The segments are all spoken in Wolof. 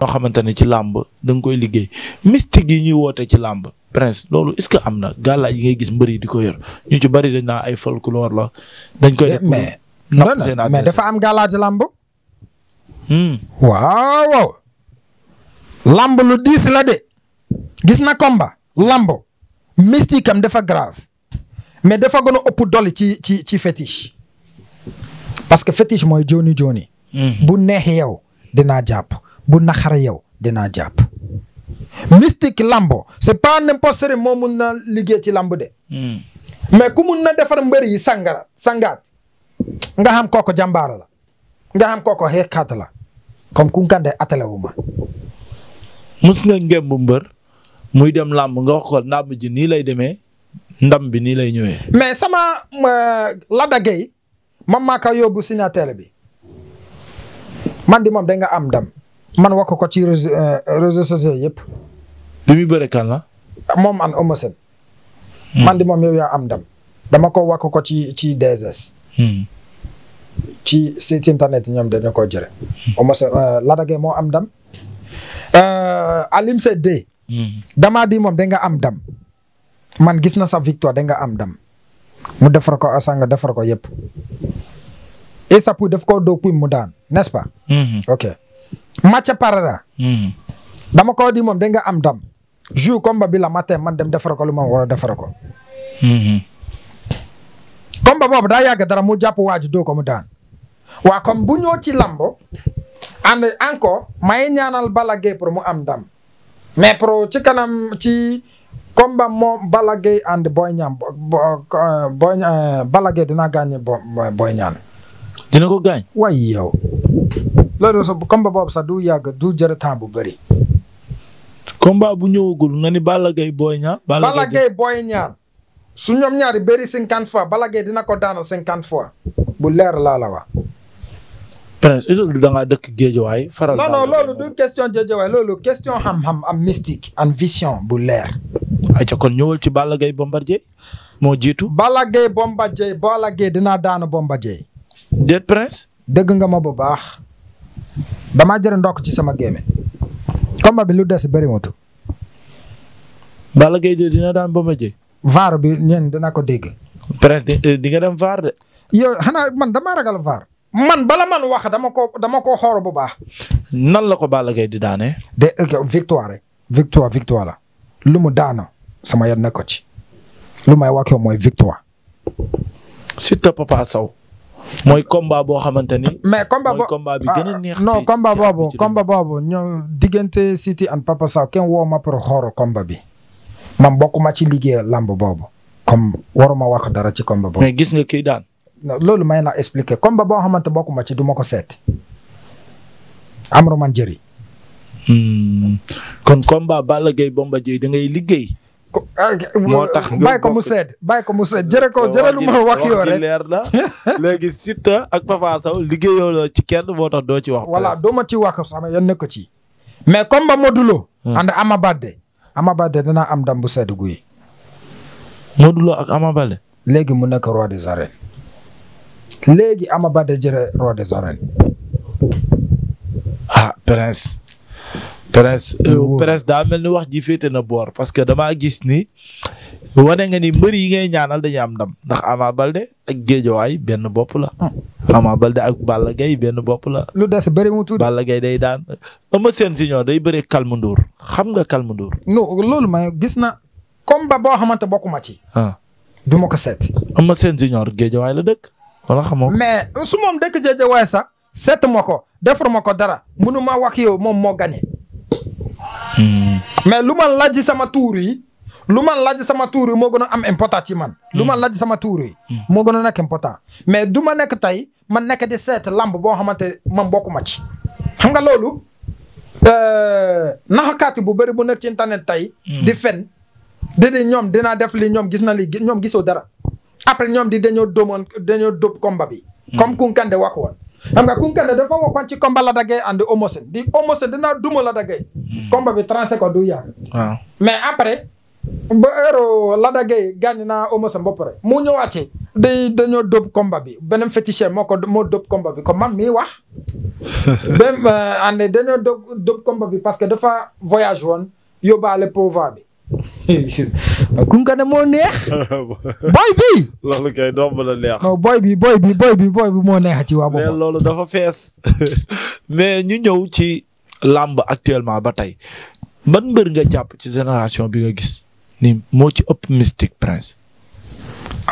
ñoo xamante ne ci làmb danga koy liggéey mystique yi ñuy woote ci làmb prince loolu est-ce que am na gàllaaj yi ngay gis mbër yi di ko yor ñu ci bari dañ naa ay folklore la dañ koy def mais mais dafa am gàllaaj làmb hmm. waaw làmb la de gis na combat làmb mystique am dafa grave mais dafa gën a ëpp dolli ci ci ci fétiche parce que fétiche mooy joni joni hmm. bu neex yow dinaa jàpp bu naxar yow dinaa jàpp. mystique lambo c' est pas n' importe moo mun na liggéey ci lamb de. Hmm. mais ku mun na defar mbër yi sangara sangaat nga xam kooku jàmbaar la nga xam kooku xeexkat la comme ku ngande atale wu ma. mus nga ngémb mbër muy dem làmb nga wax ko ndam ji nii lay demee ndam bi nii lay ñëwee. mais sama Lada Gueye man maa ko yóbbu signature bi man di moom da nga am ndam. man wax ko ci réseau euh, réseaux sociaux yëpp. bi muy bëre kan moom an Eumeu Sène. Hmm. man di moom yow yaa am ndam. dama ko wax ko ci ci DSS. Hmm. ci site internet ñoom dañu ko jëre. Hmm. Eumeu Sène euh, moo am dam euh, Alim Sène de. damaa di moom da nga am ndam. man gis na sa victoire da nga am ndam. mu defar ko asanga defar ko yëpp. et ça def ko doo mu daan nest pas. ok. match parara hmm. dama koo di moom da nga am dam jour combat bi la matin man dem defar ko lu ma war a defar ko. Hmm, hmm. combat boobu daa yàgg dara mu jàpp waaju doo ko mu daan. waa comme bu ñëw ci lambo. and encore may ñaanal Balla Gaye pour mu am dam mais pour ci kanam ci combat moom Balla Gaye and Boy Niang Boy Balla Gaye Boy Niang. dina ko gaañ. yow loolu sax combat boobu sax du yàgg du jërë bu bëri. combat bu ñëwagul nga ni Balla Gaye Boy Niang. Balla su ñoom ñaari bëri cinquante fois bala Gaye dina ko daanal cinquante fois bu leer laa la wax. Prince loolu da ngaa dëkk géejawaay faral. non non loolu du question géejawaay loolu question xam-xam am mystique am vision bu leer. ayca kon ñëwal ci Balla Gaye Bombardier moo jiitu. Balla Gaye Bombardier Balla Gaye dinaa daanu Bombardier. déet Prince. dëgg nga ma bu baax. damaa jël ndokk ci sama géeme combat bi lu des bëriwutu. Balla Gaye dina daan Bombardier. vaar bi ñeen dina ko dégg. presque eh, di nga dem vaar de. yow xanaa man dama ragal vaar. man bala man wax dama ko dama ko xoor bu baax. nan la ko Balla Gaye di daane. de victoire rek. victoire victoire la. lu mu daana sama yan na ko ci. lu may wax yow mooy victoire. Siteu Papa Sow. mooy combat boo xamante ni. mais combat boo combat bi gën a ah, neex. non diggante Siteu ak Papa Sow kenn woo ma pour xool combat bi man bokkuma ci liggéey lamb boobu. comme waruma wax dara ci combat boobu. mais gis nga kii daan. loolu may na expliquer combat boo xamante bokkuma ci duma ko seet. amru man jëri. Hmm. kon combat Balla Gaye Bombardier da ngay liggéey. moo tax ah, bàyyi ko mu seet bàyyi ko mu seet jërë ko jërë lu ma wax yoo rek leer na léegi Siteu ak Papa Sow ci kenn moo tax doo ci wax. voilà doo ma ci wax sama yan nekk ci. mais comme ba Modou Lo. Hmm. Ama Baldé. Ama Baldé dana am dam bu sedd guy. Modou ak Ama Baldé. léegi mu nekk roi des arènes. léegi Ama Baldé jërë roi des arènes. ah prince. Euh, presse daa mel ni wax ji féete na boor parce que damaa gis ni wane nga ni mbër yi nga ñaanal dañuy am ndam ndax Ama Balde ak Géejawaay benn bopp la. Ah. Ama Balde ak Balla Gaye benn bopp la. lu des bëri mu tuuti Balla Gaye day daan Eumeu seen Junior day bëri kalmandoor xam nga Calme Ndour. loolu ma gis na ba boo xamante ma ci. Ah. du ma ko seet. Eumeu Sène Junior Géejawaay la dëkk wala xamoo. mais su moom dëkk Géejawaay sax seet ma ko defar ma ko dara mënu ma wax moom moo gagné. mais lu ma laaj sama tuur yi lu ma laaj sama tuur moo gën a am important ci man. lu ma laaj sama tuur moo gën a nekk important mais du ma nekk tey man nekk di seet lamb boo xamante man bokkuma ci. xam nga loolu euh, naxakaati bu bëri bu nekk ci internet tey. di fen déedéet ñoom dinaa def li ñoom gis na li ñoom gisoo dara après ñoom di dañoo dóomoon dañoo dóob combat bi. comme Kounkandé wax woon. xam nga Koukandé dafa waxoon ci combat Lac de Guiers andi Eumeu Sène di Eumeu Sène dina duma Lac hmm. bi tranché ko du yàgg. waaw mais après. ba heure Lac de gaañ naa Eumeu Sène ba pare mu ñëwaat ci. day dañoo dóob combat bi beneen féticheur moo ko moo dóob combat bi ko man mii wax. même euh, année dañoo dóob dóob combat bi parce que dafa voyage woon yóbbaale pouvoir bi. Koungheul moo neex. boy bi loolu kay doom la neex. Oh, boy bi boy bi boy bi moo neex ci waa boppam. mais loolu dafa fees mais ñu ñëw ci làmb actuellement ba tey ban mbër nga jàpp ci génération bi nga gis ni moo ci ëpp mystique prince.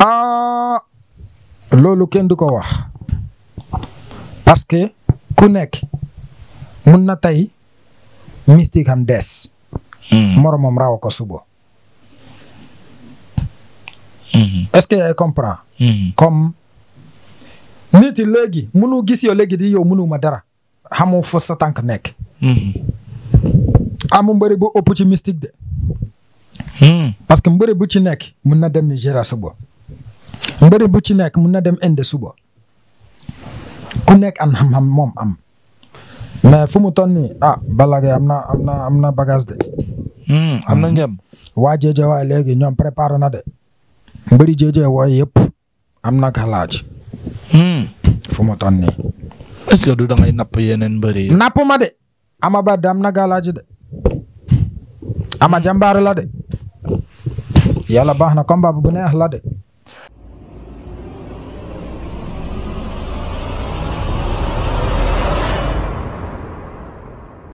ah loolu kenn du ko wax parce que ku nekk mun na tey mystique am des. Mm-hmm. moromam raw ko suba. Mm-hmm. est-ce que yaay comprend mm-hmm. comme nit yi léegi munu gis yow léegi di yow munuma dara xamoo fa sa tànk nekk. amu mbëri bu ëpp ci mystique de. parce que mbëri bu ci nekk mun na dem Nigeria suba. mbëri bu ci nekk mun na dem Inde subo ku nekk am xam-xam moom am. mais fu mu ton ni a ah, Balla am na am na am na bagage de. Hmm, am na ngem hmm. waa jéejewaay léegi ñoom préparé na de mbëri jéejewaay yëpp am na galaaj hmm. fu mu toll nii du da napp yeneen mbëri napp ma de ama ba am na galaaj de ama jàmbaar la de yàlla baax na combat bu neex la de